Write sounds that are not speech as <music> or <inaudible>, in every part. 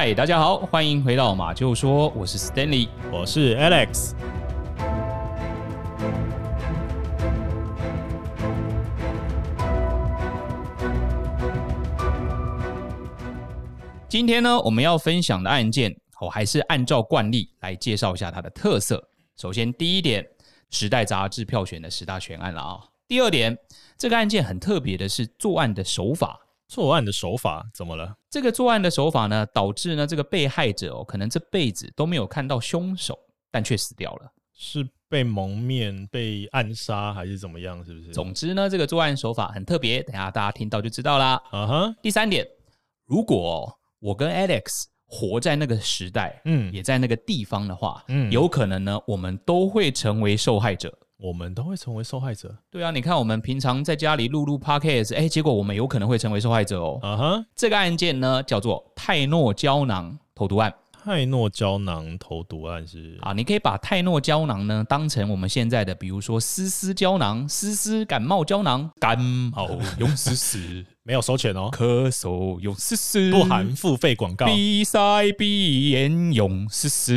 嗨，大家好，歡迎回到馬廄說，我是 Stanley，我是 Alex。今天呢，我們要分享的案件，我還是按照慣例來介紹一下它的特色。首先，第一點，時代雜誌票選的十大懸案了啊、哦。第二點，這個案件很特別的是作案的手法。作案的手法怎麼了？這個作案的手法呢，導致呢這個被害者哦，可能這輩子都沒有看到兇手，但卻死掉了。是被蒙面、被暗殺還是怎麼樣？是不是？總之呢，這個作案手法很特別，等下大家聽到就知道啦。啊哈。第三點，如果、哦、我跟 Alex 活在那個時代，嗯，也在那個地方的話，嗯，有可能呢，我們都會成為受害者。我們都會成為受害者。對啊，你看我們平常在家裡錄錄 podcast，哎、欸，結果我們有可能會成為受害者哦。嗯哼，這個案件呢叫做泰諾膠囊投毒案。泰諾膠囊投毒案，是啊，你可以把泰諾膠囊呢當成我們現在的，比如說斯斯膠囊、斯斯感冒膠囊。感冒用斯斯沒有收錢哦，咳嗽用斯斯不含付費廣告，鼻塞鼻炎用斯斯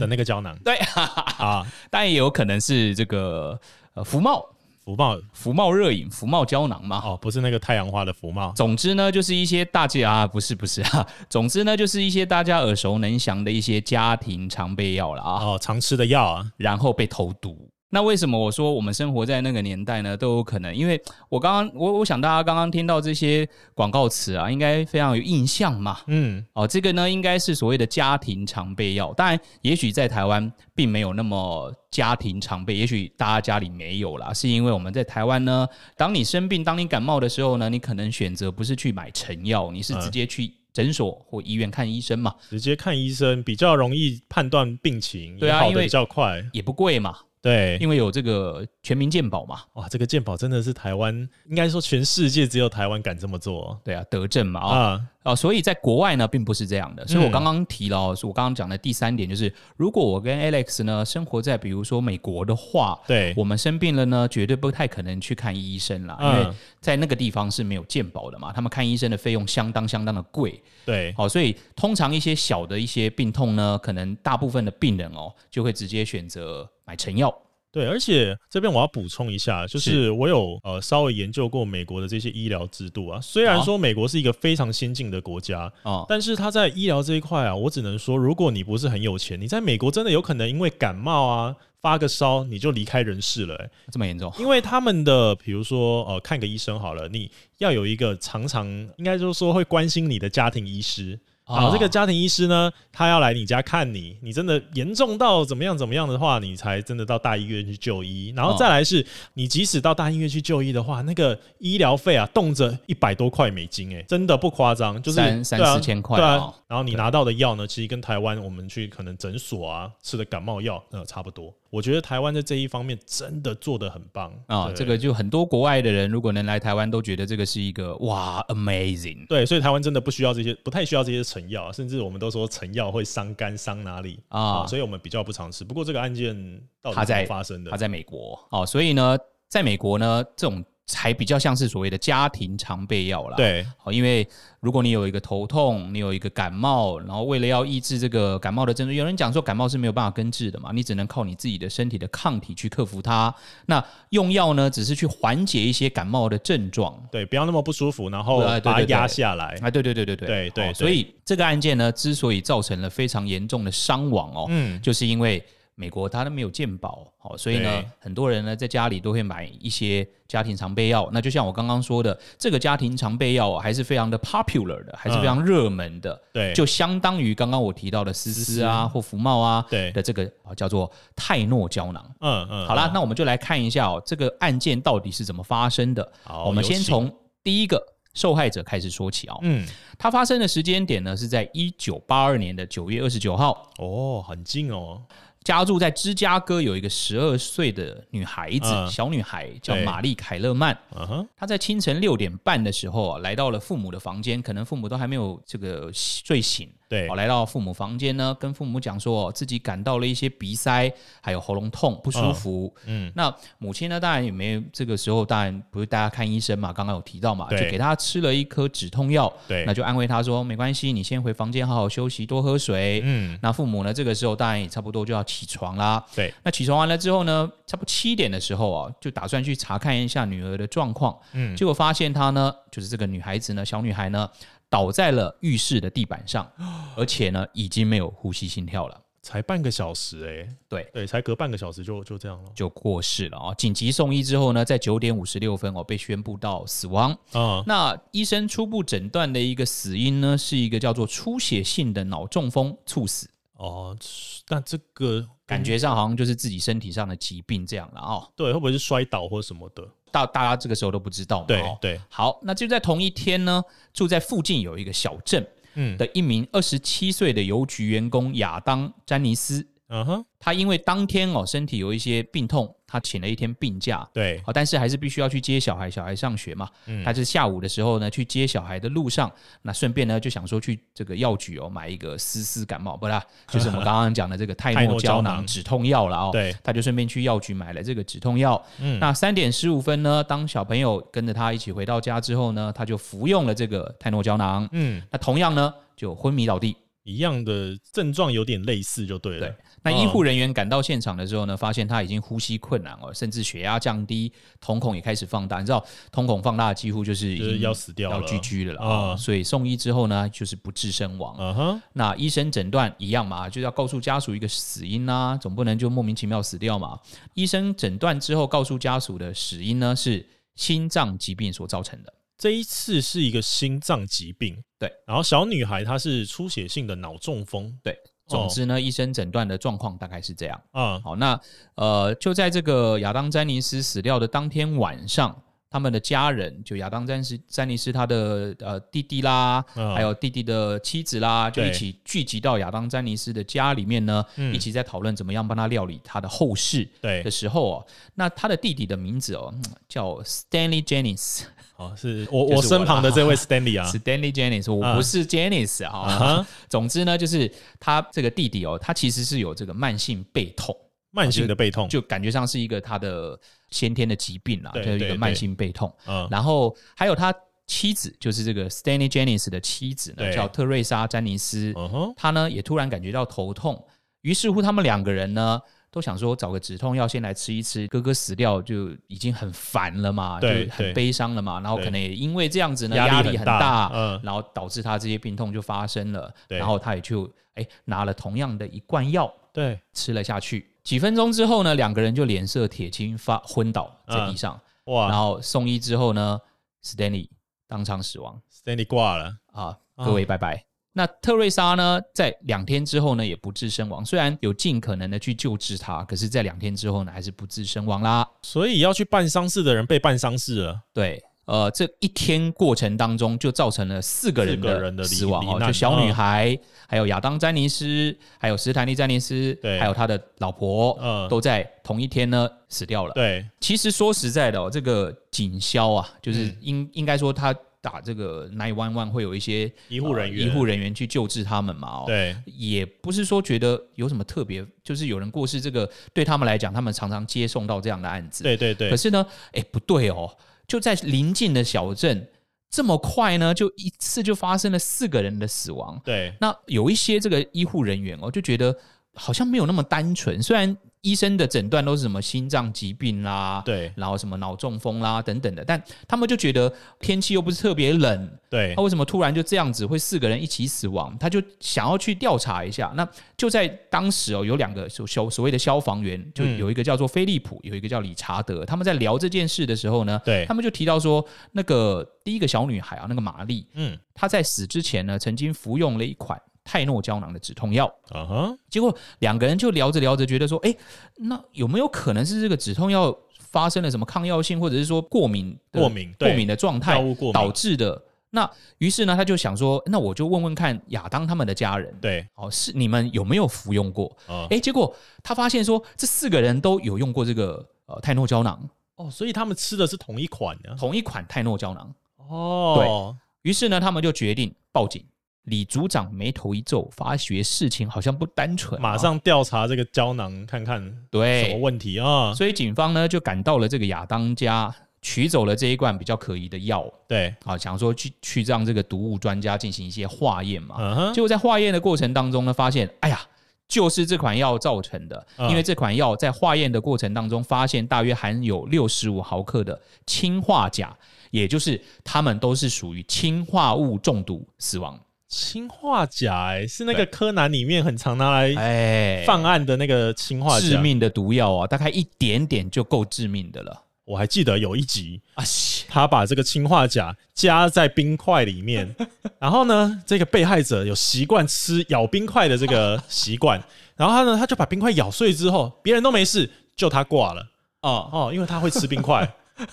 的那個膠囊，對哈，哈、啊、但也有可能是這個呃福茂。伏冒，伏冒熱飲，伏冒膠囊嘛，哦，不是那個太陽花的服貿。總之呢，就是一些大家啊，不是不是啊，總之呢，就是一些大家耳熟能詳的一些家庭常備藥了啊，哦，常吃的藥啊，然後被投毒。那為什麼我說我們生活在那個年代呢？都有可能，因為我剛剛我我想大家剛剛聽到這些廣告詞啊，應該非常有印象嘛。嗯，哦，這個呢，應該是所謂的家庭常備藥。當然，也許在台灣並沒有那麼家庭常備，也許大家家裡沒有啦，是因為我們在台灣呢，當你生病、當你感冒的時候呢，你可能選擇不是去買成藥，你是直接去診所或醫院看醫生嘛。嗯，直接看醫生比較容易判斷病情，對啊，也好得比較快，也不貴嘛。對，因為有這個全民健保嘛，哇，這個健保真的是台灣，應該說全世界只有台灣敢這麼做。對啊，德政嘛，啊、嗯、啊、哦哦，所以在國外呢，並不是這樣的。所以我剛剛提了，是、嗯、我剛剛講的第三點，就是如果我跟 Alex 呢，生活在比如說美國的話，對，我們生病了呢，絕對不太可能去看醫生啦。嗯、因為在那個地方是沒有健保的嘛，他們看醫生的費用相當相當的貴。對，好、哦，所以通常一些小的一些病痛呢，可能大部分的病人哦，就會直接選擇。買成藥，對，而且這邊我要補充一下，就是我有呃稍微研究過美國的這些醫療制度啊。雖然說美國是一個非常先進的國家啊，但是它在醫療這一塊啊，我只能說，如果你不是很有錢，你在美國真的有可能因為感冒啊發個燒你就離開人世了，欸這麼嚴重。因為他們的比如說呃看個醫生好了，你要有一個常常應該就是說會關心你的家庭醫師。好、哦，這個家庭醫師呢，他要來你家看你，你真的嚴重到怎麼樣怎麼樣的話，你才真的到大醫院去就醫。然後再來是、哦、你即使到大醫院去就醫的話，那個醫療費啊，動輒一百多塊美金，欸，誒，真的不誇張，就是三，啊、三四千塊，哦。對啊，然後你拿到的藥呢，其實跟台灣我們去可能診所啊吃的感冒藥呃差不多。我覺得台灣在這一方面真的做得很棒啊、哦！這個就很多國外的人如果能來台灣，都覺得這個是一個哇，amazing。對，所以台灣真的不需要這些，不太需要這些成藥，甚至我們都說成藥會傷肝傷哪裡啊、哦哦，所以我們比較不常吃。不過這個案件到底怎麼發生的？他在，在美國哦，所以呢，在美國呢，這種。才比較像是所謂的家庭常備藥啦。對。對，好，因為如果你有一個頭痛，你有一個感冒，然後為了要抑制這個感冒的症狀，有人講說感冒是沒有辦法根治的嘛，你只能靠你自己的身體的抗體去克服它。那用藥呢，只是去緩解一些感冒的症狀，對，不要那麼不舒服，然後把它壓下來。對對對啊，對對對對，對對對對對對，哦，所以這個案件呢，之所以造成了非常嚴重的傷亡哦，嗯，就是因為。美國它都沒有健保，好，所以呢，很多人呢在家裡都會買一些家庭常備藥。那就像我剛剛說的，這個家庭常備藥還是非常的 popular 的，還是非常熱門的、嗯。對，就相當於剛剛我提到的斯斯啊,啊，或福茂啊對的這個叫做泰諾膠囊。嗯嗯，好啦、嗯，那我們就來看一下哦、喔，這個案件到底是怎麼發生的。好，我們先從第一個受害者開始說起啊、喔。嗯，它發生的時間點呢是在一九八二年的九月二十九號。哦，很近哦。家住在芝加哥有一個十二歲的女孩子，uh, 小女孩叫瑪麗·凱勒曼。Uh-huh. 她在清晨六點半的時候啊，來到了父母的房間，可能父母都還沒有這個睡醒。對、哦，來到父母房間呢，跟父母講說，自己感到了一些鼻塞，還有喉嚨痛，不舒服。嗯，嗯那母親呢，當然也沒有這個時候，當然不是帶她看醫生嘛，剛剛有提到嘛，就給她吃了一顆止痛藥。對，那就安慰她說，沒關係，你先回房間好好休息，多喝水。嗯，那父母呢，這個時候當然也差不多就要起床啦。對，那起床完了之後呢，差不多七點的時候啊，就打算去查看一下女兒的狀況。嗯、結果發現她呢，就是這個女孩子呢，小女孩呢。倒在了浴室的地板上，而且呢，已經沒有呼吸、心跳了。才半個小時、欸，誒，對對，才隔半個小時就就這樣了，就過世了啊、喔！緊急送醫之後呢，在九點五十六分哦、喔，被宣布到死亡。啊，那醫生初步診斷的一個死因呢，是一個叫做出血性的腦中風猝死。哦、啊，但這個感覺，感覺上好像就是自己身體上的疾病這樣了哦、喔，對，會不會是摔倒或什麼的？大大家這個時候都不知道嘛。對對，好，那就在同一天呢，住在附近有一個小鎮，嗯，的一名二十七歲的郵局員工亞當·詹尼斯，嗯哼，他因為當天哦身體有一些病痛。他請了一天病假，對，好，但是還是必須要去接小孩，小孩上學嘛，嗯，他是下午的時候呢，去接小孩的路上，那順便呢就想說去這個藥局哦買一個斯斯感冒，不啦，就是我們剛剛講的這個泰諾膠囊，泰諾膠囊止痛藥了哦，對，他就順便去藥局買了這個止痛藥，嗯，那三點十五分呢，當小朋友跟着他一起回到家之後呢，他就服用了這個泰諾膠囊，嗯，那同樣呢就昏迷倒地。一樣的症狀有點類似就對了。對，那醫護人員趕到現場的時候呢，發現他已經呼吸困難哦，甚至血壓降低，瞳孔也開始放大。你知道瞳孔放大的幾乎就是，就是要死掉了，要 GG 了啊，哦！所以送醫之後呢，就是不治身亡。嗯、啊、哼，那醫生診斷一樣嘛，就要告訴家屬一個死因吶，啊，總不能就莫名其妙死掉嘛。醫生診斷之後告訴家屬的死因呢，是心臟疾病所造成的。這一次是一個心臟疾病，對。然後小女孩她是出血性的腦中風，對。總之呢，醫、哦、生診斷的狀況大概是這樣。嗯，好，那呃，就在這個亞當·詹尼斯死掉的當天晚上，他們的家人就亞當·詹尼斯、詹尼斯他的呃弟弟啦、嗯，還有弟弟的妻子啦，就一起聚集到亞當·詹尼斯的家裡面呢、嗯，一起在討論怎麼樣幫他料理他的後事。對的時候啊、嗯，那他的弟弟的名字哦，叫 Stanley Jennings。哦，是我、就是、我，我身旁的這位 Stanley 啊，啊，啊，Stanley Jennings，我不是 Jennings 啊，啊，啊。總之呢，就是他這個弟弟哦、喔，他其實是有這個慢性背痛，慢性的背痛，就，就感覺上是一個他的先天的疾病啦，對，就是一個慢性背痛。然後還有他妻子，就是這個 Stanley Jennings 的妻子呢，叫特瑞莎·詹尼斯。她、啊、他呢也突然感覺到頭痛，於是乎他們兩個人呢，都想說找個止痛藥先來吃一吃，哥哥死掉就已經很煩了嘛，就很悲傷了嘛，然後可能也因為這樣子呢，壓力很大，壓力很大，嗯，然後導致他這些病痛就發生了，然後他也就誒，拿了同樣的一罐藥，對，吃了下去，幾分鐘之後呢，兩個人就臉色鐵青發昏倒在地上，嗯，哇，然後送醫之後呢，Stanley 當場死亡，Stanley 掛了啊，各位拜拜。嗯那特瑞莎呢？在兩天之後呢，也不治身亡。雖然有盡可能的去救治他，可是，在兩天之後呢，還是不治身亡啦。所以要去辦喪事的人被辦喪事了。對，呃，這一天過程當中就造成了四個人的死亡，喔，就小女孩，還有亞當·詹尼斯，還有史坦利·詹尼斯，還有他的老婆，都在同一天呢、呃、死掉了。對，其實說實在的，喔，這個警消啊，就是應應該說他。打這個 nine one one 會有一些醫護人員、呃、醫護人員去救治他們嘛？哦，對，也不是說覺得有什麼特別，就是有人過世，這個對他們來講，他們常常接送到這樣的案子，對對對。可是呢，哎、欸，不對哦，就在鄰近的小鎮，這麼快呢，就一次就發生了四個人的死亡。對，那有一些這個醫護人員哦，就覺得好像沒有那麼單純，雖然。醫生的診斷都是什麼心臟疾病啦、啊，對，然後什麼腦中風啦、啊、等等的，但他們就覺得天氣又不是特別冷，對，他、啊、為什麼突然就這樣子會四個人一起死亡？他就想要去調查一下。那就在當時哦，有兩個所所謂的消防員，就有一個叫做菲利普、嗯，有一個叫理查德，他們在聊這件事的時候呢，對，他們就提到說，那個第一個小女孩啊，那個瑪麗，嗯，她在死之前呢，曾經服用了一款。泰諾膠囊的止痛藥，啊哼，結果兩個人就聊着聊着，覺得說，誒、欸，那有沒有可能是這個止痛藥發生了什麼抗藥性，或者是說過敏、過敏、過敏的狀態導致的？那於是呢，他就想說，那我就問問看亞當他們的家人，對，哦，是你們有沒有服用過？誒、嗯欸，結果他發現說，這四個人都有用過這個呃泰諾膠囊，哦，所以他們吃的是同一款呢、啊，同一款泰諾膠囊，哦，對。於是呢，他們就決定報警。李組長眉頭一皺，發覺事情好像不單純，啊，馬上調查這個膠囊看看，對，什麼問題啊？所以警方呢就趕到了這個亞當家，取走了這一罐比較可疑的藥，對，啊，想說去去讓這個毒物專家進行一些化驗嘛。嗯、uh、哼 -huh。結果在化驗的過程當中呢，發現，哎呀，就是這款藥造成的，因為這款藥在化驗的過程當中發現大約含有六十五毫克的氰化鉀，也就是他們都是屬於氰化物中毒死亡。氰化鉀、欸、是那個柯南裡面很常拿來犯案的那個氰化鉀，致命的毒藥啊，大概一點點就夠致命的了。我還記得有一集啊，他把這個氰化鉀加在冰塊裡面，然後呢，這個被害者有習慣吃咬冰塊的這個習慣，然後他呢，他就把冰塊咬碎之後，別人都沒事，就他掛了哦。哦，因為他會吃冰塊。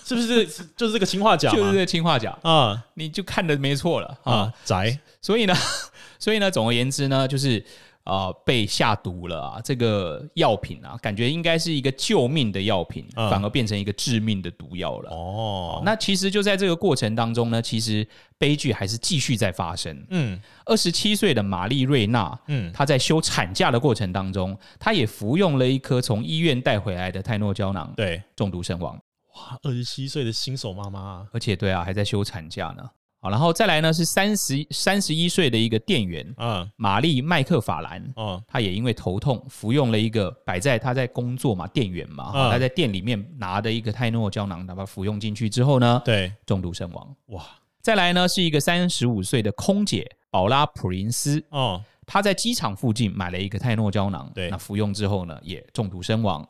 是不是這 <laughs> 就是這個氰化鉀？就是這個氰化鉀啊！你就看得沒錯了啊！宅，所以呢，所以呢，總而言之呢，就是啊、呃，被下毒了啊！這個藥品啊，感覺應該是一個救命的藥品、嗯，反而變成一個致命的毒藥了。哦，那其實就在這個過程當中呢，其實悲劇還是繼續在發生。嗯，二十七歲的瑪麗瑞娜，嗯，她在休產假的過程當中，她也服用了一顆從醫院帶回來的泰諾膠囊，對，中毒身亡。哇，二十七歲的新手媽媽、啊，而且對啊，還在休產假呢。好，然後再來呢是三十三十一歲的一個店員，啊、嗯，瑪麗麥克法蘭，啊、嗯，他也因為頭痛服用了一個擺在他在工作嘛，店員嘛，他、嗯、在店裡面拿的一個泰諾膠囊，那他服用進去之後呢，對，中毒身亡。哇，再來呢是一個三十五歲的空姐，寶拉普林斯，哦、嗯，他在機場附近買了一個泰諾膠囊，對，那服用之後呢也中毒身亡。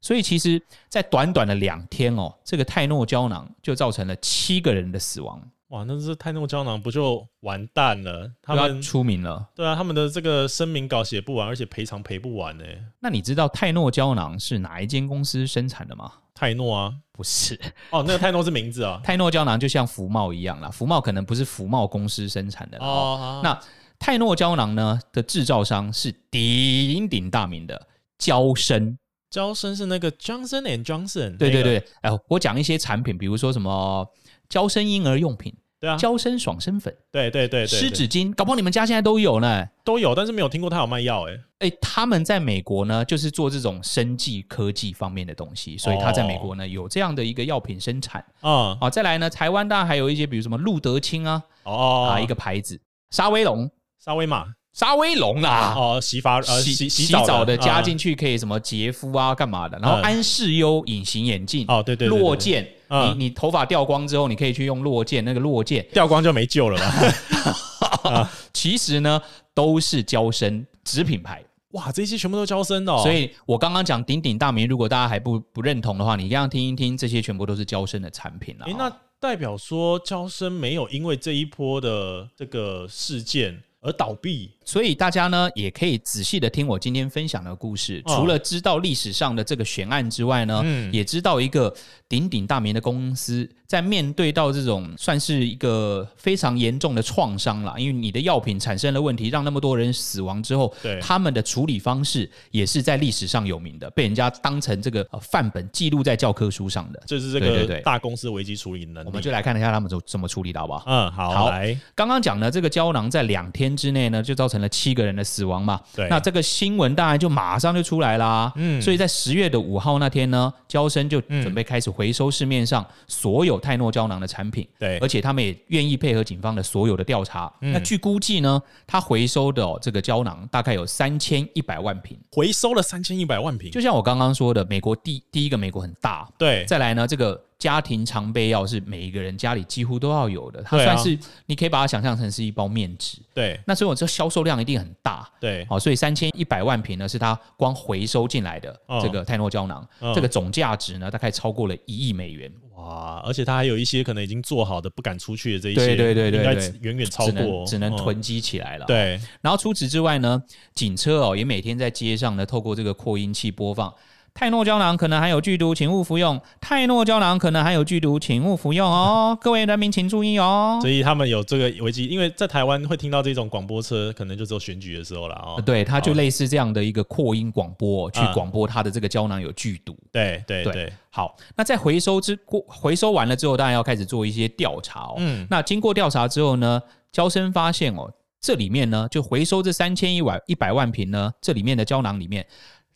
所以其實，在短短的兩天哦，這個泰諾膠囊就造成了七個人的死亡。哇，那這泰諾膠囊不就完蛋了？他們出名了。對啊，他們的這個聲明稿寫不完，而且賠償賠不完呢、欸。那你知道泰諾膠囊是哪一間公司生產的嗎？泰諾啊，不是 <laughs> 哦，那泰諾是名字啊。 <laughs> 泰諾膠囊就像福茂一樣啦，福茂可能不是福茂公司生產的哦，哦。那泰諾膠囊呢的製造商是鼎鼎大名的嬌生。嬌生是那個 Johnson and Johnson，對對對，哎、欸，我講一些產品，比如說什麼嬌生嬰兒用品，對啊，嬌生爽身粉，對對對，濕紙巾，搞不好你們家現在都有呢，都有，但是沒有聽過他有賣藥、欸，哎、欸、哎，他們在美國呢，就是做這種生技科技方面的東西，所以他在美國呢、哦、有這樣的一個藥品生產，嗯、啊好，再來呢，台灣當然還有一些，比如什麼露得清啊，哦啊一個牌子，沙威龍，沙威瑪。沙威隆啦，哦，洗髮，呃，洗洗澡的加進去可以什麼潔膚啊，幹嘛的？然後安視優隱形眼鏡，哦，對對落健，你你頭髮掉光之後，你可以去用落健，那個落健掉光就沒救了吧？其實呢，都是嬌生子品牌，哇，這些全部都嬌生哦。所以我剛剛講鼎鼎大名，如果大家還不不認同的話，你一定要聽一聽，這些全部都是嬌生的產品了、喔。欸、那代表說嬌生沒有因為這一波的這個事件，而倒閉，所以大家呢也可以仔細的聽我今天分享的故事，哦，除了知道歷史上的這個懸案之外呢，嗯，也知道一個鼎鼎大名的公司。在面對到這種算是一個非常嚴重的創傷了，因為你的藥品產生了問題，讓那麼多人死亡之後，對他們的處理方式也是在歷史上有名的，被人家當成這個範本記錄在教科書上的。就是這個大公司危機處理能力，我們就來看一下他們怎麼怎麼處理的，好不好？嗯，好。好，剛剛講呢，這個膠囊在兩天之內呢就造成了七個人的死亡嘛。對。那這個新聞當然就馬上就出來啦。嗯。所以在十月的五號那天呢，嬌生就準備開始回收市面上所有。泰諾膠囊的產品，對，而且他們也願意配合警方的所有的調查，嗯。那據估計呢，他回收的這個膠囊大概有三千一百萬瓶，回收了三千一百萬瓶。就像我剛剛說的，美國第第一個，美國很大，對。再來呢，這個家庭常備藥是每一個人家裡幾乎都要有的，它算是你可以把它想象成是一包面紙，對啊。那所以我這銷售量一定很大，對。哦，所以三千一百萬瓶呢，是他光回收進來的這個泰諾膠囊，嗯，這個總價值呢，大概超過了一億美元。啊，而且他還有一些可能已經做好的不敢出去的這一些遠遠，對對對應該遠遠超過，只能囤積起來了。嗯，對，然後除此之外呢，警車哦也每天在街上呢，透過這個擴音器播放。泰諾膠囊可能含有劇毒，請勿服用。泰諾膠囊可能含有劇毒，請勿服用哦，各位人民請注意哦。所以他們有這個危機，因為在台灣會聽到這種廣播車，可能就只有選舉的時候了哦。對，他就類似這樣的一個擴音廣播，嗯、去廣播他的這個膠囊有劇毒。嗯、對對對。好，那在回收之過，回收完了之後，當然要開始做一些調查，哦、嗯。那經過調查之後呢，嬌生發現哦，這裡面呢，就回收這三千一百一百萬瓶呢，這裡面的膠囊裡面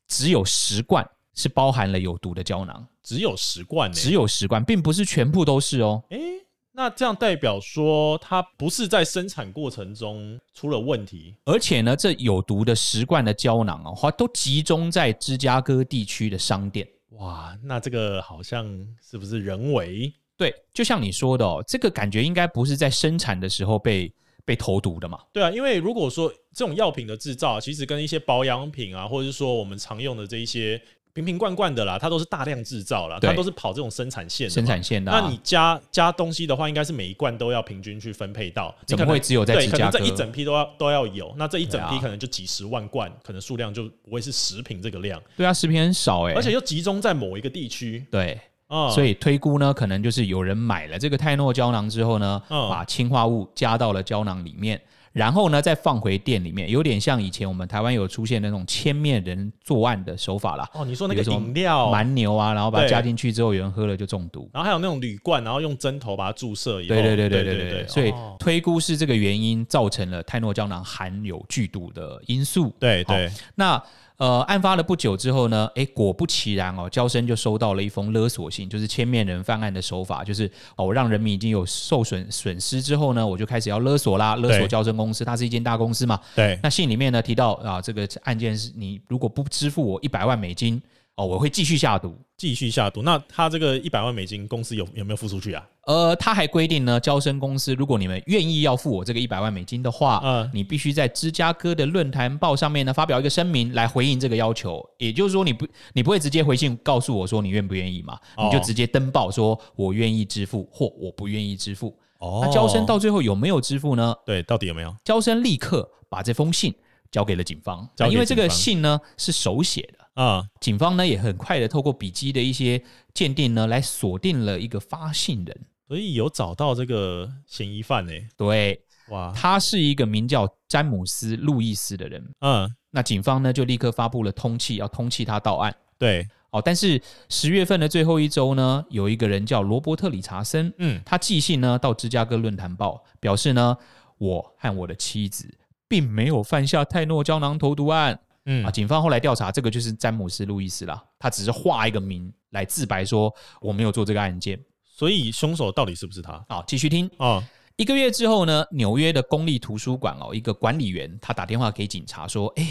只有十罐。是包含了有毒的膠囊，只有十罐，欸，只有十罐，並不是全部都是哦。誒、欸，那這樣代表說它不是在生產過程中出了問題，而且呢，這有毒的十罐的膠囊啊，哦，都集中在芝加哥地區的商店。哇，那這個好像是不是人為？對，就像你說的哦，這個感覺應該不是在生產的時候被被投毒的嘛？對啊，因為如果說這種藥品的制造，啊，其實跟一些保養品啊，或者是說我們常用的這一些。瓶瓶罐罐的啦，它都是大量製造啦。它都是跑這種生產線生產線的、啊。那你加加東西的話，應該是每一罐都要平均去分配到。怎麼你會只有在幾家？這一整批都要都要有。那這一整批可能就幾十萬罐，啊、可能數量就不會是十瓶這個量。對啊，十瓶很少誒、欸，而且又集中在某一個地區。對、哦、所以推估呢，可能就是有人買了這個泰諾膠囊之後呢，哦、把氰化物加到了膠囊裡面。然後呢，再放回店裡面，有點像以前我們台灣有出現的那種千面人作案的手法啦。哦，你說那個飲料蠻牛啊，然後把它加進去之後，有人喝了就中毒。然後還有那種鋁罐，然後用針頭把它注射。以後對對對對，所以推估是這個原因造成了泰諾膠囊含有劇毒的因素。對對、對。那、呃、案發了不久之後呢，哎、欸，果不其然哦，嬌生就收到了一封勒索信，就是千面人犯案的手法，就是哦，讓人民已經有受損損失之後呢，我就開始要勒索啦，勒索嬌生。公司，它是一間大公司嘛？對。那信裡面呢提到啊，這個案件是你如果不支付我一百萬美金哦，我會繼續下毒，繼續下毒。那他這個一百萬美金，公司有有沒有付出去啊？呃，他還規定呢，嬌生公司如果你們願意要付我這個一百萬美金的話，嗯、呃，你必須在芝加哥的論壇報上面呢發表一個聲明來回應這個要求。也就是說，你不你不會直接回信告訴我說你願不願意嘛、哦？你就直接登報說我願意支付或我不願意支付。哦，那嬌生到最後有沒有支付呢？對，到底有沒有？嬌生立刻把這封信交給了警方，警方那因為這個信呢是手寫的啊、嗯。警方呢也很快的透過筆跡的一些鑑定呢，來鎖定了一個發信人，所以有找到這個嫌疑犯呢、欸。對，哇，他是一個名叫詹姆斯·路易斯的人。嗯，那警方呢就立刻發布了通緝，要通緝他到案。對。哦，但是十月份的最後一周呢，有一個人叫羅伯特·理查森，嗯，他寄信呢到芝加哥論壇報，表示呢，我和我的妻子並沒有犯下泰諾膠囊投毒案，嗯啊，警方後來調查，這個就是詹姆斯·路易斯啦，他只是化一個名來自白說我沒有做這個案件，所以凶手到底是不是他？好，繼續聽啊，哦，一個月之後呢，紐約的公立圖書館哦，一個管理員他打電話給警察說，哎。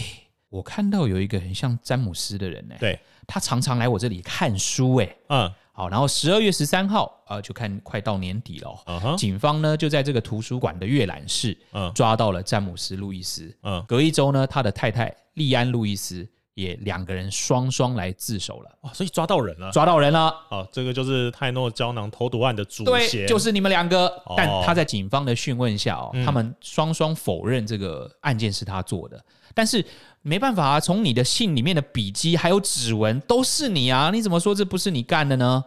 我看到有一個很像詹姆斯的人呢、欸，他常常來我這裡看書、欸，哎，嗯，好，然後十二月十三號啊、呃，就看快到年底了、uh-huh，警方呢就在這個圖書館的閱覽室，嗯，抓到了詹姆斯·路易斯、嗯，隔一周呢，他的太太利安·路易斯。也兩個人雙雙來自首了啊、哦，所以抓到人了，抓到人了。啊、哦，這個就是泰諾膠囊投毒案的主嫌，就是你們兩個、哦。但他在警方的訊問下哦，他們雙雙否認這個案件是他做的。嗯、但是沒辦法，從你的信裡面的筆跡還有指紋都是你啊，你怎麼說這不是你幹的呢？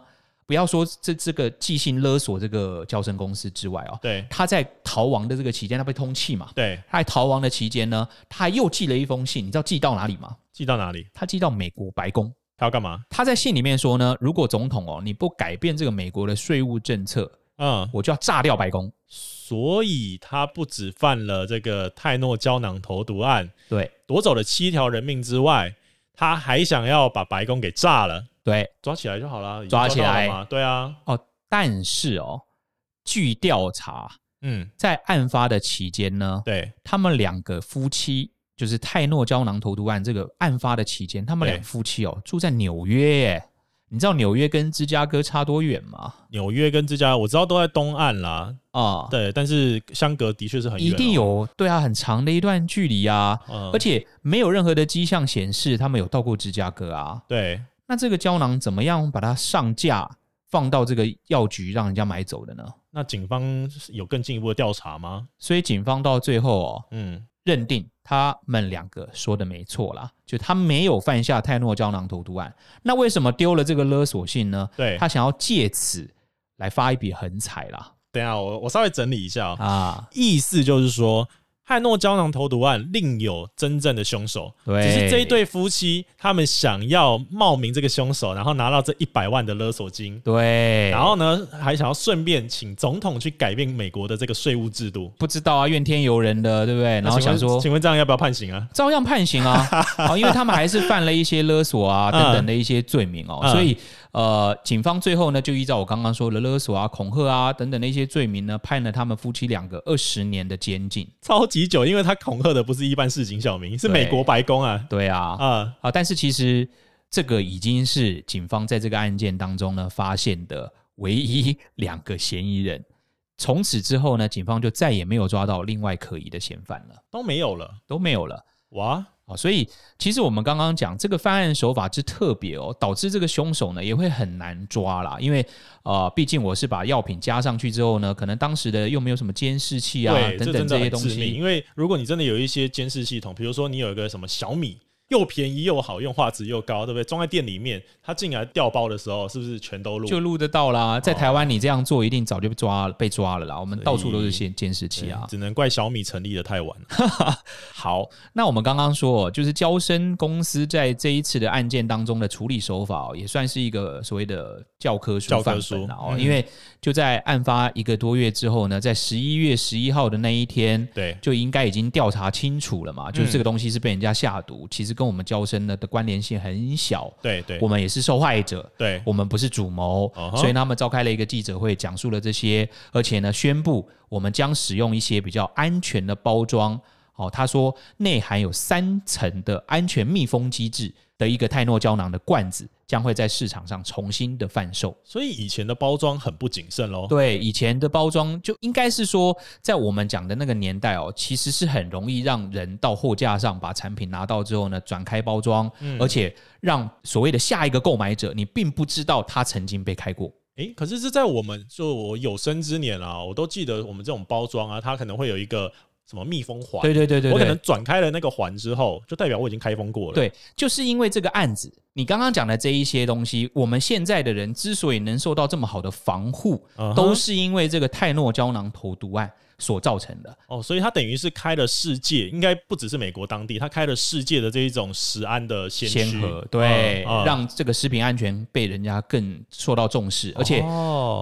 不要說這這個寄信勒索這個嬌生公司之外哦，對，他在逃亡的這個期間，他被通緝嘛，對，他在逃亡的期間呢，他又寄了一封信，你知道寄到哪裡嗎？寄到哪裡？他寄到美國白宮，他要幹嘛？他在信裡面說呢，如果總統哦，你不改變這個美國的稅務政策，嗯，我就要炸掉白宮。所以他不止犯了這個泰諾膠囊投毒案，對，奪走了七條人命之外，他還想要把白宮給炸了。對，抓起來就好啦了，抓起來，對啊，哦，但是哦，據調查，嗯，在案發的期間呢，對，他們兩個夫妻，就是泰諾膠囊投毒案這個案發的期間，他們兩夫妻哦，住在紐約耶。你知道紐約跟芝加哥差多遠嗎？紐約跟芝加哥，哥我知道都在東岸啦。啊、嗯，對，但是相隔的確是很遠，哦、一定有對啊，很長的一段距離啊，嗯，而且沒有任何的跡象顯示他們有到過芝加哥啊。對。那這個膠囊怎麼樣把它上架放到這個藥局讓人家買走的呢？那警方有更進一步的調查嗎？所以警方到最後哦，嗯，認定他們兩個說的沒錯啦，就他沒有犯下泰諾膠囊投毒案。那為什麼丟了這個勒索信呢？對，他想要借此來發一筆橫財啦。等下我我稍微整理一下哦，啊，意思就是說。泰諾膠囊投毒案另有真正的兇手，對，只是這一對夫妻他們想要冒名這個兇手，然後拿到這一百萬的勒索金，對，然後呢，還想要順便請總統去改變美國的這個稅務制度，不知道啊，怨天尤人的，對不對？然後想說，請問，請問這樣要不要判刑啊？照樣判刑啊，啊、 <laughs> 哦，因為他們還是犯了一些勒索啊、嗯、等等的一些罪名哦，嗯、所以。呃，警方最後呢，就依照我剛剛說的勒索啊、恐嚇啊等等那些罪名呢，判了他們夫妻兩個二十年的監禁，超級久，因為他恐嚇的不是一般市井小民，是美國白宮啊。對啊，啊、呃、好。但是其實這個已經是警方在這個案件當中呢，發現的唯一兩個嫌疑人，從此之後呢，警方就再也沒有抓到另外可疑的嫌犯了，都沒有了，都沒有了，哇。啊，所以其實我們剛剛講這個犯案的手法之特別哦，導致這個兇手呢也會很難抓啦，因為呃，畢竟我是把藥品加上去之後呢，可能當時的又沒有什麼監視器啊、等等這些東西。因為如果你真的有一些監視系統，比如說你有一個什麼小米。又便宜又好用，畫質又高，對不對？裝在店裡面，他進來調包的時候，是不是全都錄？就錄得到啦。在台灣，你這樣做一定早就被抓了，哦，被抓了啦。我們到處都是線監視器啊，嗯。只能怪小米成立的太晚了 <laughs> 好。好，那我們剛剛說，就是嬌生公司在這一次的案件當中的處理手法，也算是一個所謂的教科書教科書啊，嗯。因為就在案發一個多月之後呢，在十一月十一號的那一天，對，就應該已經調查清楚了嘛。就是這個東西是被人家下毒，嗯、其實。跟我們嬌生呢的關聯性很小，對對，對，我們也是受害者，對，我們不是主謀，Uh-huh，所以他們召開了一個記者會，講述了這些，而且呢，宣布我們將使用一些比較安全的包裝。哦，他說內含有三層的安全密封機制，的一個泰諾膠囊的罐子將會在市場上重新的販售，所以以前的包裝很不謹慎咯。對，以前的包裝就應該是說，在我們講的那個年代哦，其實是很容易讓人到貨架上把產品拿到之後呢，轉開包裝，而且讓所謂的下一個購買者你並不知道它曾經被開過。哎，可是是在我們就我有生之年啊，我都記得我們這種包裝啊，它可能會有一個。什麼密封環？對對對對，對，我可能轉開了那個環之後，就代表我已經開封過了。對，就是因為這個案子，你剛剛講的這一些東西，我們現在的人之所以能受到這麼好的防護，嗯，都是因為這個泰諾膠囊投毒案，所造成的哦，所以他等於是開了世界，應該不只是美國當地，他開了世界的這一種食安的先河，對、嗯嗯，讓這個食品安全被人家更受到重視。哦，而且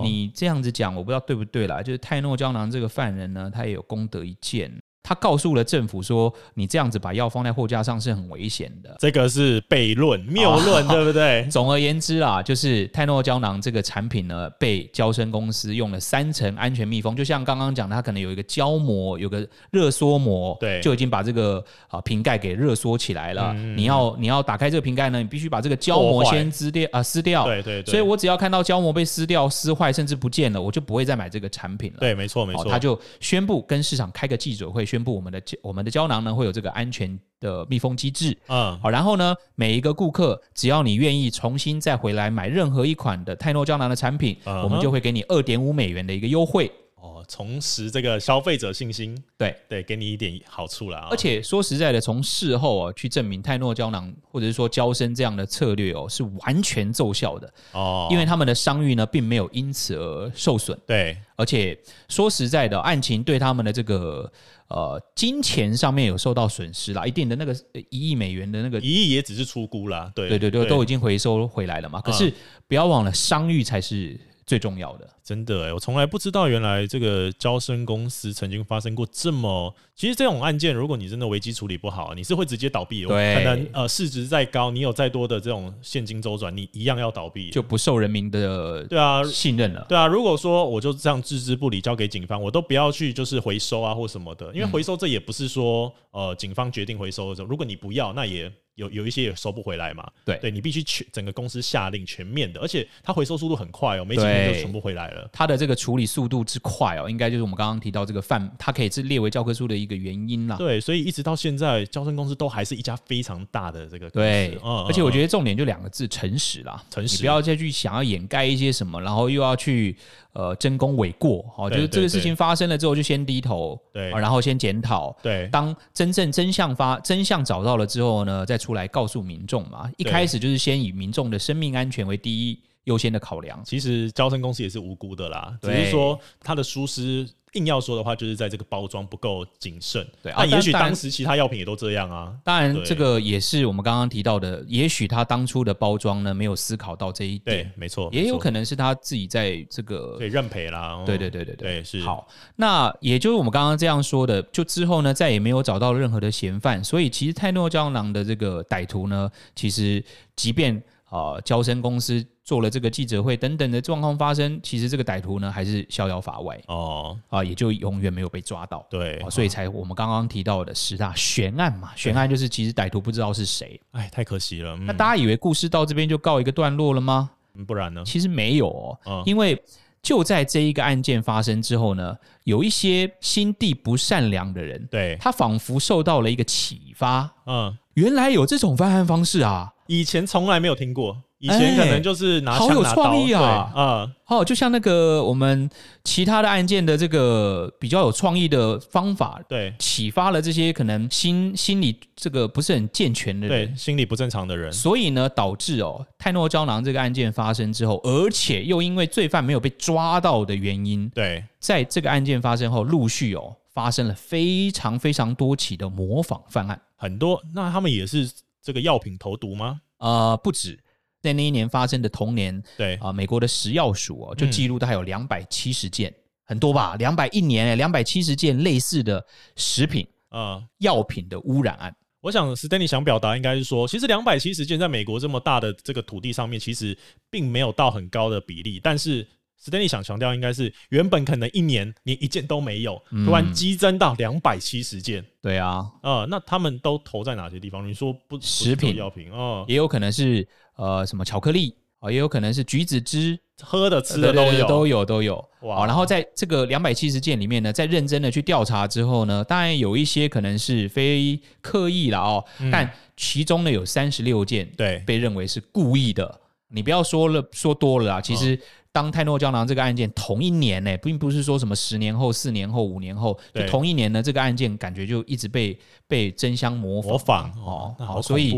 你這樣子講，我不知道對不對啦，就是泰諾膠囊這個犯人呢，他也有功德一件。他告訴了政府說：“你這樣子把藥放在貨架上是很危險的。”這個是悖論、謬論、哦，對不對？總而言之啦，就是泰諾膠囊這個產品呢，被嬌生公司用了三層安全密封，就像剛剛講的，它可能有一個膠膜，有個熱縮膜，對，就已經把這個啊瓶蓋給熱縮起來了。嗯、你要你要打開這個瓶蓋呢，你必須把這個膠膜先撕掉啊、呃，撕掉。對，對對。所以我只要看到膠膜被撕掉、撕壞，甚至不見了，我就不會再買這個產品了。對，沒錯沒錯、哦。他就宣布跟市場開個記者會，宣布我們的膠我們的膠囊呢會有這個安全的密封機制，嗯，好，然後呢，每一個顧客只要你願意重新再回來買任何一款的泰諾膠囊的產品，嗯，我們就會給你二點五美元的一個優惠。哦，重拾這個消費者信心，對對，給你一點好處了啊！而且說實在的，從事後啊去證明泰諾膠囊或者是說嬌生這樣的策略哦、喔，是完全奏效的哦，因為他們的商譽呢並沒有因此而受損。對，而且說實在的，案情對他們的這個呃金錢上面有受到損失啦，一定的那個一億美元的那個一億也只是初估啦。對對對對,對，都已經回收回來了嘛。可是不要忘了，商譽才是最重要的。嗯真的哎、欸，我從來不知道原來這個嬌生公司曾經發生過這麼……其實這種案件，如果你真的危機處理不好，啊，你是會直接倒閉的。對，可能呃市值再高，你有再多的這種現金周轉，你一樣要倒閉，就不受人民的對啊信任了對，啊。對啊，如果說我就這樣置之不理，交給警方，我都不要去就是回收啊或什麼的，因為回收這也不是說、嗯、呃警方決定回收的時候，如果你不要，那也有有一些也收不回來嘛。對對，你必須全整個公司下令全面的，而且它回收速度很快哦，喔，沒幾天就全部回來。它的這個處理速度之快哦、喔，應該就是我們剛剛提到這個範，它可以是列為教科書的一個原因啦。對，所以一直到現在，嬌生公司都還是一家非常大的這個公司、嗯嗯嗯。而且我覺得重點就兩個字：誠實啦，誠實。不要再去想要掩蓋一些什麼，然後又要去呃爭功諉過。好、喔，就是這個事情發生了之後，就先低頭，對，然後先檢討。對，當真正真相發、真相找到了之後呢，再出來告訴民眾嘛。一開始就是先以民眾的生命安全為第一。優先的考量，其實嬌生公司也是無辜的啦，只是說他的疏失，硬要說的話，就是在這個包裝不夠謹慎。對啊，也許當時其他藥品也都這樣啊，啊。當然，這個也是我們剛剛提到的，也許他當初的包裝呢，沒有思考到這一點。對沒錯。也有可能是他自己在這個對認賠啦。嗯、對，對對對對對，是好。那也就是我們剛剛這樣說的，就之後呢，再也沒有找到任何的嫌犯。所以，其實泰諾膠囊的這個歹徒呢，其實即便啊、呃，嬌生公司。做了這個記者會等等的狀況發生，其實這個歹徒呢，還是逍遙法外哦，啊，也就永遠沒有被抓到。對，啊、所以才我們剛剛提到的十大懸案嘛，懸案就是其實歹徒不知道是誰，哎，太可惜了、嗯。那大家以為故事到這邊就告一個段落了嗎？嗯、不然呢？其實沒有哦，哦、嗯，因為就在這一個案件發生之後呢，有一些心地不善良的人，對，他仿佛受到了一個啟發，嗯，原來有這種犯案方式啊，以前從來沒有聽過。以前可能就是拿槍拿刀、欸，啊、對，啊，好，就像那個我們其他的案件的這個比較有創意的方法，對，啟發了這些可能心心理這個不是很健全的人，對，心理不正常的人，所以呢，導致哦，泰諾膠囊這個案件發生之後，而且又因為罪犯沒有被抓到的原因，對，在這個案件發生後，陸續哦，發生了非常非常多起的模仿犯案，很多。那他們也是這個藥品投毒嗎？啊、呃，不止。在那一年發生的同年，對啊、呃，美國的食藥署哦、喔，就記錄到還有兩百七十件、嗯，很多吧，兩百一年、欸，兩百七十件類似的食品啊藥、嗯、品的污染案。我想 Stanley 想表達應該是說，其實兩百七十件在美國這麼大的這個土地上面，其實並沒有到很高的比例，但是。史丹利想強調，應該是原本可能一年連一件都沒有，嗯、突然激增到兩百七十件。對啊，呃，那他們都投在哪些地方？你說不食品、藥品啊、呃，也有可能是呃什麼巧克力啊、呃，也有可能是橘子汁，喝的、吃的都有，對對對，都有，都有。哇！然後在這個兩百七十件裡面呢，在認真的去調查之後呢，當然有一些可能是非刻意了哦、喔嗯，但其中呢有三十六件對，被認為是故意的。你不要說了說多了啊，其實、嗯。當泰諾膠囊這個案件同一年呢、欸，並不是說什麼十年後、四年後、五年後，就同一年呢，這個案件感覺就一直被被爭相模仿，模仿哦。哦好哦，所以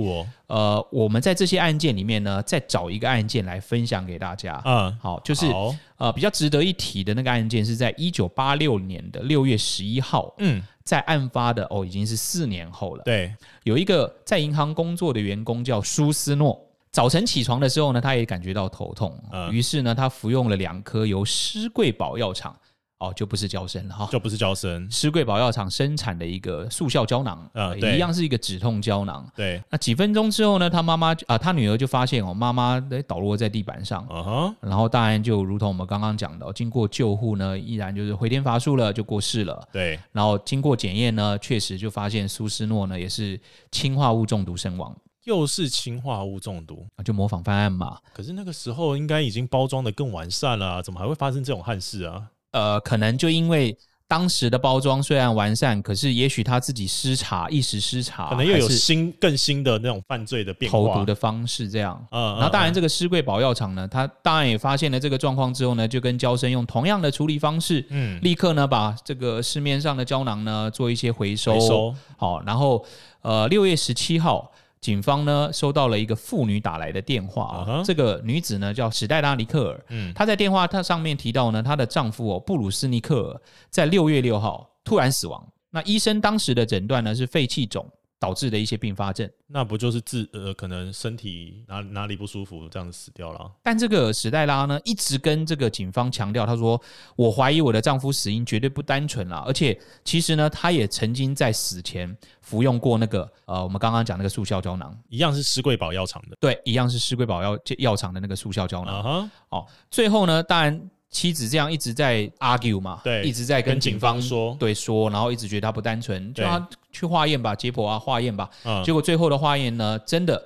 呃，我們在這些案件裡面呢，再找一個案件來分享給大家。嗯，好，就是呃比較值得一提的那個案件是在一九八六年的六月十一號。嗯，在案發的哦已經是四年後了。對，有一個在銀行工作的員工叫舒斯諾。早晨起床的時候呢，他也感覺到頭痛，於、嗯、是呢，他服用了兩顆由施貴寶藥廠哦，就不是嬌生了哈、哦，就不是嬌生，施貴寶藥廠生產的一個速效膠囊，啊、嗯，一樣是一個止痛膠囊，對。那幾分鐘之後呢，他媽媽啊，他女兒就發現哦，媽媽倒落在地板上，啊、然後當然就如同我們剛剛講的，經過救護呢，依然就是回天乏術了，就過世了，對。然後經過檢驗呢，確實就發現蘇斯諾呢也是氰化物中毒身亡。又是氰化物中毒啊，就模仿犯案嘛？可是那個時候應該已經包裝得更完善了啊，怎麼還會發生這種憾事啊？呃，可能就因為當時的包裝雖然完善，可是也許他自己失察，一時失察，可能又有新、更新的那種犯罪的變化投毒的方式這樣。嗯，嗯，嗯。然後當然，這個施貴寶藥廠呢，他當然也發現了這個狀況之後呢，就跟嬌生用同樣的處理方式，嗯，立刻呢把這個市面上的膠囊呢做一些回收，回收好。然後呃，六月十七號。警方呢收到了一個婦女打來的電話啊、哦，uh -huh. 這個女子呢叫史黛拉·尼克爾，uh -huh. 她在電話她上面提到呢，她的丈夫哦布魯斯·尼克爾在六月六號突然死亡，那醫生當時的診斷呢是肺氣腫。導致的一些併發症，那不就是自呃，可能身體哪哪裡不舒服，這樣子死掉了。但這個史黛拉呢，一直跟這個警方強調，她說：“我懷疑我的丈夫死因絕對不單純啦。”而且，其實呢，她也曾經在死前服用過那個呃，我們剛剛講那個速效膠囊，一樣是施貴寶藥廠的。對，一樣是施貴寶藥藥廠的那個速效膠囊。啊哈、uh-huh. 哦。最後呢，當然妻子這樣一直在 argue 嘛，對，一直在跟警方，跟警方說，對說，然後一直覺得他不單純，就他去化驗吧，解剖啊，化驗吧。嗯、結果最後的化驗呢，真的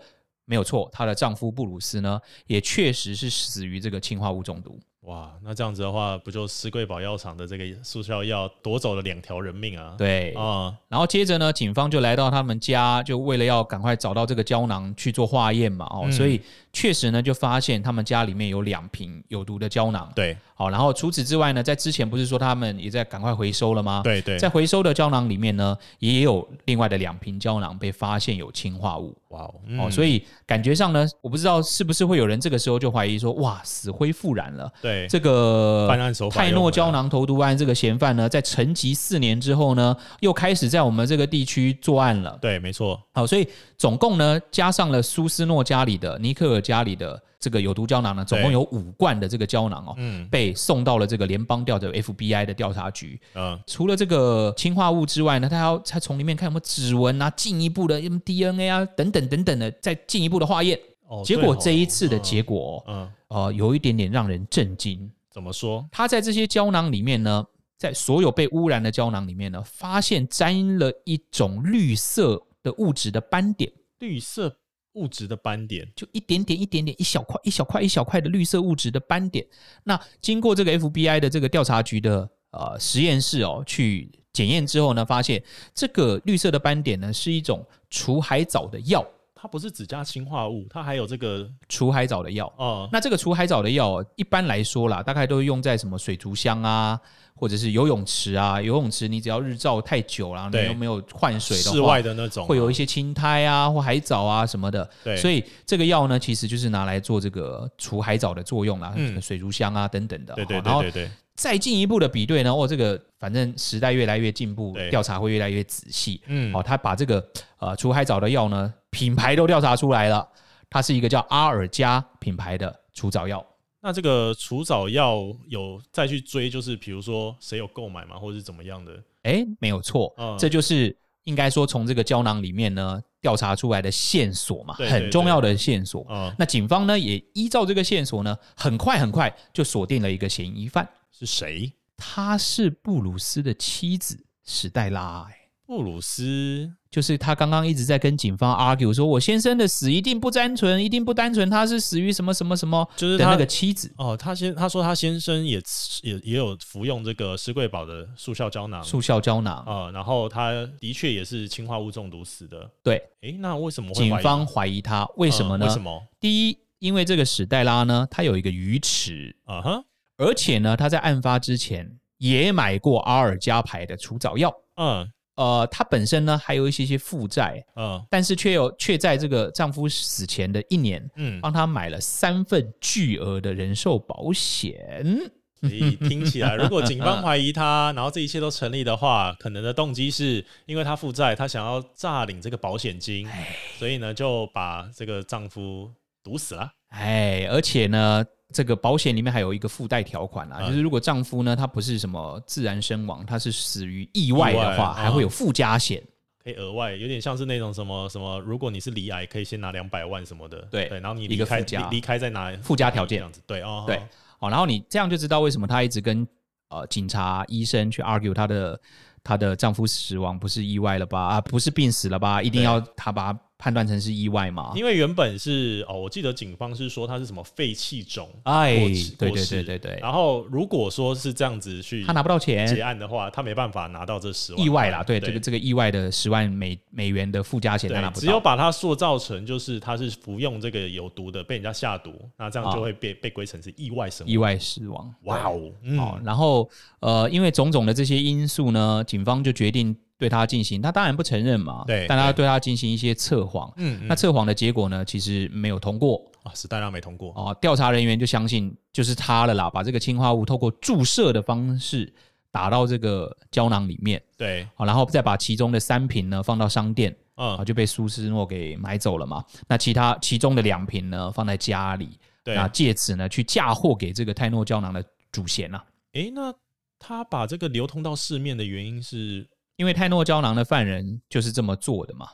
沒有錯，她的丈夫布魯斯呢，也確實是死於這個氰化物中毒。哇，那這樣子的話，不就施貴寶藥廠的這個速效藥奪走了兩條人命啊？對啊、嗯，然後接着呢，警方就來到他們家，就為了要趕快找到這個膠囊去做化驗嘛，哦，嗯、所以確實呢，就發現他們家裡面有兩瓶有毒的膠囊。對，好，然後除此之外呢，在之前不是說他們也在趕快回收了嗎？對對，對，在回收的膠囊裡面呢，也有另外的兩瓶膠囊被發現有氰化物。哇、wow, 嗯、哦，所以感覺上呢，我不知道是不是會有人這個時候就懷疑說，哇，死灰復燃了。對，這個泰諾膠囊投毒案這個嫌犯呢，嗯、在沉寂四年之後呢，又開始在我們這個地區作案了。對，沒錯。好、哦，所以總共呢，加上了蘇斯諾家裡的、尼克爾家裡的。這個有毒膠囊呢，總共有五罐的這個膠囊哦，嗯、被送到了這個聯邦調的 FBI 的調查局。嗯、除了這個氰化物之外呢，他要他從裡面看什麼指紋啊，進一步的 m DNA 啊等等等等的，再進一步的化驗。哦、結果這一次的結果，哦嗯、呃，有一點點讓人震驚。怎麼說？他在這些膠囊裡面呢，在所有被污染的膠囊裡面呢，發現沾了一種綠色的物質的斑點，綠色。物質的斑點，就一點點、一點點、一小塊、一小塊、一小塊的綠色物質的斑點。那經過這個 FBI 的這個調查局的呃實驗室哦，去檢驗之後呢，發現這個綠色的斑點呢是一種除海藻的藥。它不是只加氰化物，它還有這個除海藻的藥、嗯、那這個除海藻的藥，一般來說啦，大概都是用在什麼水族箱啊，或者是游泳池啊。游泳池你只要日照太久了、啊，你都沒有換水的，室外的那種，會有一些青苔啊或海藻啊什麼的。對，所以這個藥呢，其實就是拿來做這個除海藻的作用啦。嗯、水族箱啊等等的。對對對對,對,對。再進一步的比對呢，哦，這個反正時代越來越進步，調查會越來越仔細。嗯，好、哦，他把這個呃除海藻的藥呢，品牌都調查出來了，它是一個叫阿爾加品牌的除藻藥。那這個除藻藥有再去追，就是比如說誰有購買嗎？或者是怎麼樣的？誒、欸，沒有錯、嗯，這就是應該說從這個膠囊裡面呢調查出來的線索嘛，對對對，很重要的線索，對對對嗯、那警方呢也依照這個線索呢，很快很快就鎖定了一個嫌疑犯。是誰？她是布魯斯的妻子史黛拉、欸。布魯斯就是他剛剛一直在跟警方 argue，說我先生的死一定不單純，一定不單純，他是死於什麼什麼什麼。就是那個妻子哦、就是呃，他先他說他先生也也也有服用這個施貴寶的速效膠囊，速效膠囊啊、呃，然後他的確也是氰化物中毒死的。對，誒、欸，那為什麼警方懷疑他，疑他為什麼呢、呃？為什麼？第一，因為這個史黛拉呢，她有一個魚池啊哈。Uh-huh? 而且呢，她在案發之前也買過阿爾加牌的除草藥。嗯，呃，她本身呢還有一些些負債。嗯，但是卻有卻在這個丈夫死前的一年，嗯，幫她買了三份巨額的人壽保險。所以聽起來，如果警方懷疑她， <laughs> 然後這一切都成立的話，可能的動機是因為她負債，她想要詐領這個保險金，所以呢就把這個丈夫毒死了。哎，而且呢。這個保險裡面還有一個附帶條款啊，就是如果丈夫呢，他不是什麼自然身亡，他是死於意外的話意外，啊，還會有附加險，可以額外，有點像是那種什麼什麼，如果你是罹癌，可以先拿兩百萬什麼的，對，對然後你離開離開再拿附加條件，加條件這樣子，對哦對哦，然後你這樣就知道為什麼她一直跟呃警察醫生去 argue 她的她的丈夫死亡不是意外了吧，啊，不是病死了吧，一定要他把。判斷成是意外嘛？因為原本是哦，我記得警方是說他是什麼肺氣腫，哎，對對對對對，對。然後如果說是這樣子去，他拿不到錢結案的話，他沒辦法拿到這十萬意外啦。對，對這個這個意外的十萬美美元的附加險，他拿不到。只有把它塑造成，就是他是服用這個有毒的，被人家下毒，那這樣就會被、啊、被歸成是意外身亡意外死亡。哇、wow, 嗯、哦，然後呃，因為種種的這些因素呢，警方就決定。對他進行，他當然不承認嘛。對，但他對他進行一些測謊。嗯，那測謊的結果呢？其實沒有通過嗯嗯，啊，是當然沒通過啊。調查人員就相信就是他了啦，把這個氰化物，透過注射的方式打到這個膠囊裡面。對、啊，然後再把其中的三瓶呢，放到商店，嗯啊、就被蘇斯諾給買走了嘛。嗯、那其他其中的兩瓶呢，放在家裡，對啊，借此呢去嫁禍給這個泰諾膠囊的主嫌了。哎，那他把這個流通到市面的原因是？因為泰諾膠囊的犯人就是這麼做的嘛，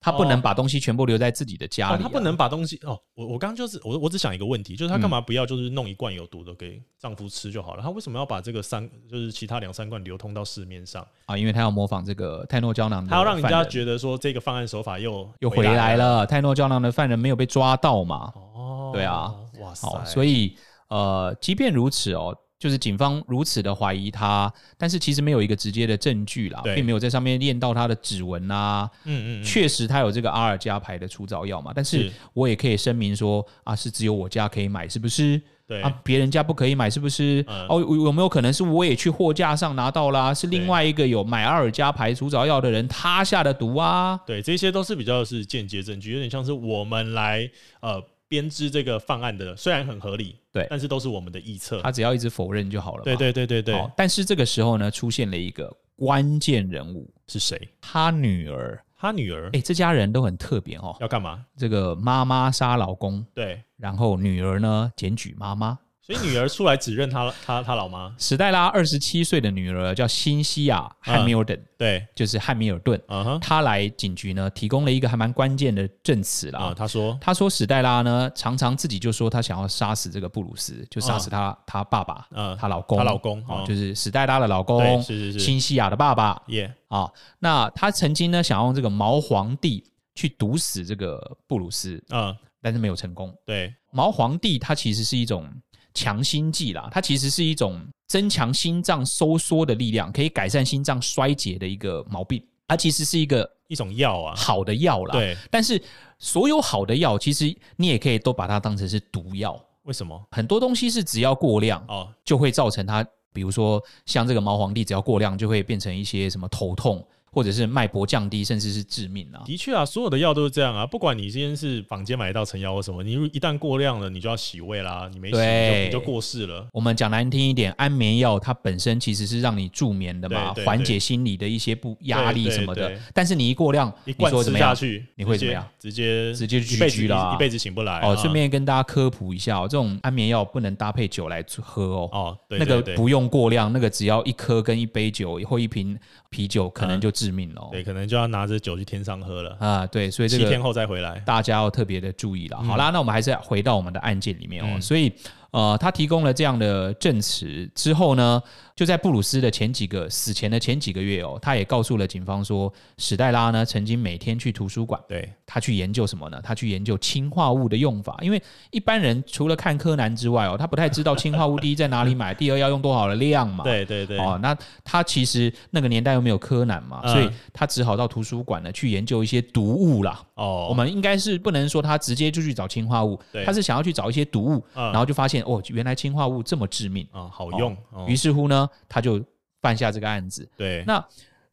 他不能把東西全部留在自己的家裡，啊哦哦，他不能把東西哦。我我剛剛就是我我只想一個問題，就是他幹嘛不要就是弄一罐有毒的給丈夫吃就好了？嗯、他為什麼要把這個三就是其他兩三罐流通到市面上啊？因為他要模仿這個泰諾膠囊，他要讓人家覺得說這個犯案手法又回又回來了。泰諾膠囊的犯人沒有被抓到嘛？哦，對啊，哇塞！所以呃，即便如此哦。就是警方如此的懷疑他，但是其實沒有一個直接的證據啦，並沒有在上面驗到他的指紋啊。嗯嗯，嗯，確實他有這個阿爾加牌的除蚤藥嘛，但是我也可以聲明說啊，是只有我家可以買，是不是？對啊，別人家不可以買，是不是？哦、嗯啊，有沒有可能是我也去貨架上拿到啦？是另外一個有買阿爾加牌除蚤藥的人他下的毒啊？對，這些都是比較是間接證據，有點像是我們來呃。編織這個方案的雖然很合理，對，但是都是我們的臆測。他只要一直否認就好了。對對對對對。但是這個時候呢，出現了一個關鍵人物是誰？他女兒，他女兒，哎、欸，這家人都很特別哦。要幹嘛？這個媽媽殺老公，對，然後女兒呢檢舉媽媽。所以女兒出來指認他， <laughs> 他他老媽史黛拉二十七歲的女兒叫辛西亞·漢密爾頓，對，就是漢密爾頓。嗯哼，她、嗯、來警局呢，提供了一個還蠻關鍵的證詞啦。啊、嗯，她說，她說史黛拉呢，常常自己就說她想要殺死這個布魯斯，就殺死他她、嗯、爸爸，嗯，她老公，她老公啊、嗯，就是史黛拉的老公，對，是是是，辛西亞的爸爸，耶。啊，那她曾經呢，想用這個毛皇帝去毒死這個布魯斯，嗯，但是沒有成功。對，毛皇帝他其實是一種。強心劑啦，它其實是一種增強心臟收縮的力量，可以改善心臟衰竭的一個毛病。它其實是一個一種藥啊，好的藥啦。對，但是所有好的藥，其實你也可以都把它當成是毒藥。為什麼？很多東西是只要過量啊，就會造成它，比如說像這個毛皇帝，只要過量就會變成一些什麼頭痛。或者是脈搏降低，甚至是致命啊！的確啊，所有的藥都是這樣啊，不管你今天是坊間買到成藥或什麼，你一旦過量了，你就要洗胃啦，你沒洗對你就你就過世了。我們講難聽一點，安眠藥它本身其實是讓你助眠的嘛，緩解心理的一些不壓力什麼的對對對。但是你一過量對對對你說怎麼樣，一罐吃下去，你會怎麼樣？直接直接去被了、啊，一輩子醒不來、啊。哦，順、啊、便跟大家科普一下哦，這種安眠藥不能搭配酒來喝哦。哦對對對對，那個不用過量，那個只要一顆跟一杯酒或一瓶啤酒，可能就、嗯。致命哦，對，可能就要拿着酒去天上喝了啊，對，所以、這個、七天後再回來，大家要特別的注意了、嗯。好啦，那我們還是回到我們的案件裡面哦、喔嗯，所以。呃，他提供了這樣的證詞之後呢，就在布魯斯的前幾個死前的前幾個月哦，他也告訴了警方說，史黛拉呢曾經每天去圖書館，對，他去研究什麼呢？他去研究氰化物的用法，因為一般人除了看柯南之外哦，他不太知道氰化物第一在哪裡買，第二要用多少的量嘛。對對對。哦，那他其實那個年代又沒有柯南嘛，所以他只好到圖書館呢去研究一些毒物啦。哦，我們應該是不能說他直接就去找氰化物，他是想要去找一些毒物，然後就發現。哦，原來氰化物這麼致命啊，哦！好用，於是乎呢，他就犯下這個案子。對，那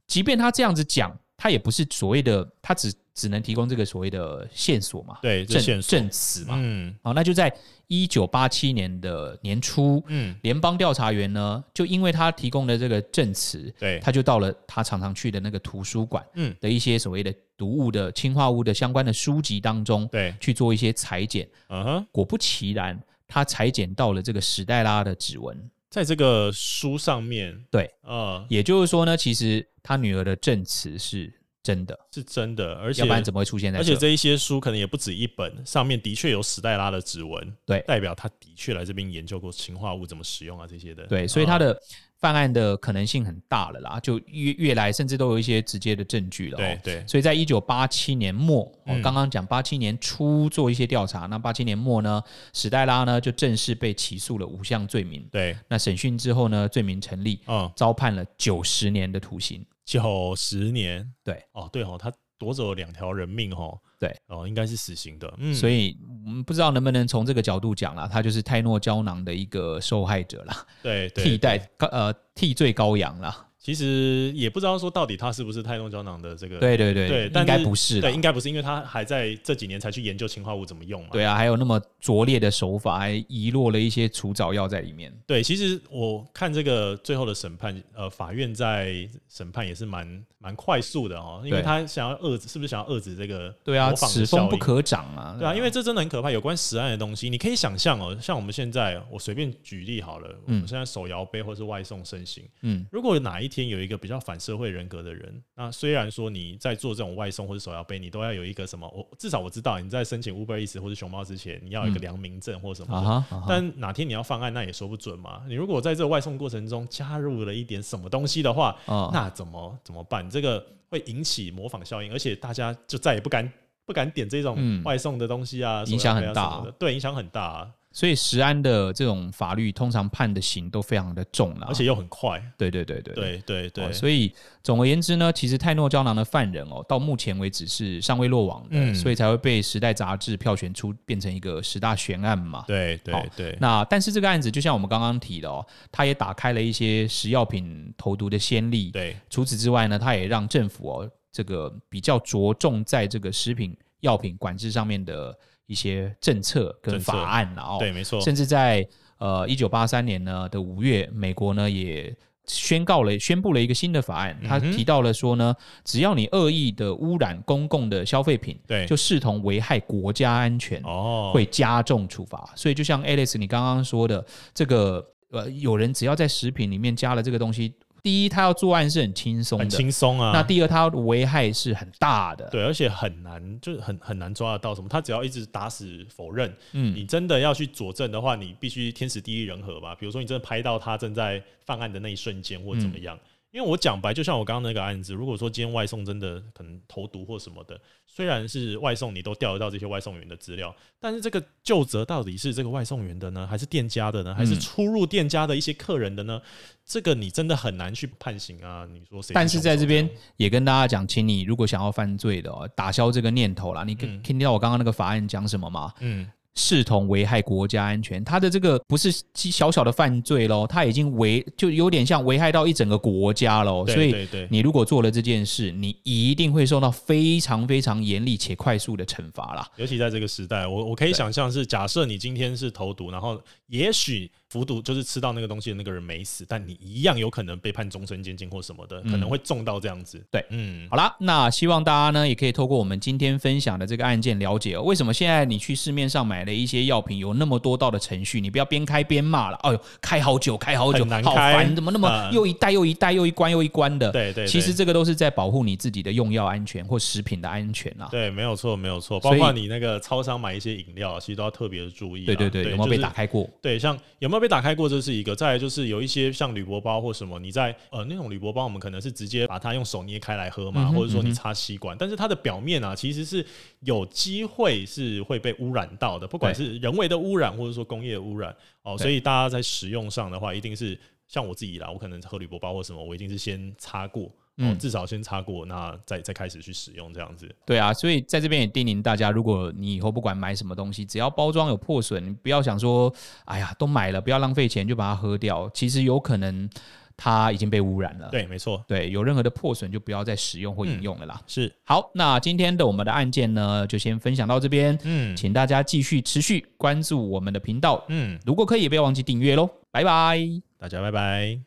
即便他這樣子講，他也不是所謂的，他只只能提供這個所謂的線索嘛，對，證證詞嘛。嗯。好，那就在一九八七年的年初，嗯，聯邦調查員呢，就因為他提供的這個證詞，對，他就到了他常常去的那個圖書館，嗯，的一些所謂的毒物的氰化物的相關的書籍當中，對，去做一些裁剪。嗯哼，果不其然。他採檢到了這個史黛拉的指紋，在這個書上面，對，啊、嗯，也就是說呢，其實他女兒的證詞是真的是真的，而且要不然怎麼會出現在這？而且這一些書可能也不止一本，上面的確有史黛拉的指紋，對，代表他的確來這邊研究過氰化物怎麼使用啊這些的，對，所以他的。嗯犯案的可能性很大了啦，就越越來，甚至都有一些直接的證據了，喔。對對，所以在一九八七年末，我剛剛講八七年初做一些調查，嗯，那八七年末呢，史黛拉呢就正式被起訴了五項罪名。對，那審訊之後呢，罪名成立，嗯，遭判了九十年的徒刑。九十年？對，哦對哦，他。奪走了兩條人命哈，對，哦，應該是死刑的，嗯，所以我們不知道能不能從這個角度講啦，他就是泰諾膠囊的一個受害者啦，對，對，對，替代高呃替罪羔羊啦。其實也不知道說到底他是不是泰諾膠囊的這個，對對對，對，但應該不是，對，應該不是，因為他還在這幾年才去研究氰化物怎麼用嘛，對啊，還有那麼拙劣的手法，還遺落了一些除藻藥在裡面。對，其實我看這個最後的審判，呃，法院在審判也是蠻蠻快速的哦，因為他想要遏止，是不是想要遏止這個？對啊，此風不可長啊，啊，對啊，因為這真的很可怕。有關食安的東西，你可以想象哦、喔，像我們現在我隨便舉例好了，嗯，我們現在手搖杯或是外送盛行。嗯，如果有哪一天有一個比較反社會人格的人，那雖然說你在做這種外送或者手搖杯，你都要有一個什麼？我至少我知道你在申請 Uber Eats 或者熊貓之前，你要有一個良民證或什麼、嗯啊啊。但哪天你要犯案，那也說不準嘛。你如果在這個外送過程中加入了一點什麼東西的話，哦、那怎麼怎麼辦？這個會引起模仿效應，而且大家就再也不敢不敢點這種外送的東西啊，嗯、啊影響很大、啊。對，影響很大、啊。所以，食安的這種法律通常判的刑都非常的重了、啊，而且又很快。對對對對對對，對，對、哦、所以，總而言之呢，其實泰諾膠囊的犯人哦，到目前為止是尚未落網的、嗯，所以才會被《時代》雜誌票選出變成一個十大懸案嘛。對對對。那但是這個案子，就像我們剛剛提的哦，他也打開了一些食藥品投毒的先例。對。除此之外呢，它也讓政府哦，這個比較着重在這個食品藥品管制上面的。一些政策跟法案，然後對，沒錯，甚至在呃一九八三年呢的五月，美國呢也宣告了宣布了一個新的法案，他提到了說呢，只要你惡意的污染公共的消費品，對，就視同危害國家安全，哦，會加重處罰。所以就像 Alice 你剛剛說的，這個呃，有人只要在食品裡面加了這個東西。第一，他要作案是很輕鬆，很輕鬆啊。那第二，他危害是很大的，對，而且很難，就是很很難抓得到什麼。他只要一直打死否認，嗯，你真的要去佐證的話，你必須天時地利人和吧。比如說，你真的拍到他正在犯案的那一瞬間，或怎麼樣。嗯因為我講白，就像我剛剛那個案子，如果說今天外送真的可能投毒或什麼的，雖然是外送，你都調得到這些外送員的資料，但是這個究責，到底是這個外送員的呢，還是店家的呢，還是出入店家的一些客人的呢？嗯、這個你真的很難去判刑啊！你說誰？但是在這邊也跟大家講，請你如果想要犯罪的，打消這個念頭啦。你聽聽到我剛剛那個法案講什麼嗎？嗯。視同危害國家安全，他的這個不是小小的犯罪嘍，他已經危，就有點像危害到一整個國家嘍。所以，你如果做了這件事，你一定會受到非常非常嚴厲且快速的懲罰啦。對對對，尤其在這個時代，我我可以想象是，假設你今天是投毒，然後也許。服毒就是吃到那個東西的那個人沒死，但你一樣有可能被判終身監禁或什麼的、嗯，可能會重到這樣子。對，嗯，好了，那希望大家呢也可以透過我們今天分享的這個案件，了解、喔、為什麼現在你去市面上買的一些藥品有那麼多道的程序，你不要邊開邊罵了。哎呦，開好久，開好久，好煩，怎麼那麼又一袋又一袋，又一關又一關的？嗯、對，對對。其實這個都是在保護你自己的用藥安全或食品的安全啊。對，沒有錯，沒有錯。包括你那個超商買一些飲料、啊，其實都要特別的注意、啊。對對對、對、就是，有沒有被打開過？對，像有沒有？被打開過這是一個，再來就是有一些像鋁箔包或什麼，你在呃那種鋁箔包，我們可能是直接把它用手捏開來喝嘛，嗯、或者說你插吸管、嗯，但是它的表面啊，其實是有機會是會被污染到的，不管是人為的污染或者說工業的污染哦，所以大家在使用上的話，一定是像我自己啦，我可能喝鋁箔包或什麼，我一定是先擦過。嗯、哦，至少先擦過，那再再開始去使用這樣子。對啊，所以在這邊也叮嚀大家，如果你以後不管買什麼東西，只要包裝有破損，你不要想說，哎呀，都買了，不要浪費錢，就把它喝掉。其實有可能它已經被污染了。對，沒錯。對，有任何的破損，就不要再使用或飲用了啦，嗯。是。好，那今天的我們的案件呢，就先分享到這邊。嗯，請大家繼續持續關注我們的頻道。嗯，如果可以，也不要忘記訂閱嘍。拜拜，大家拜拜。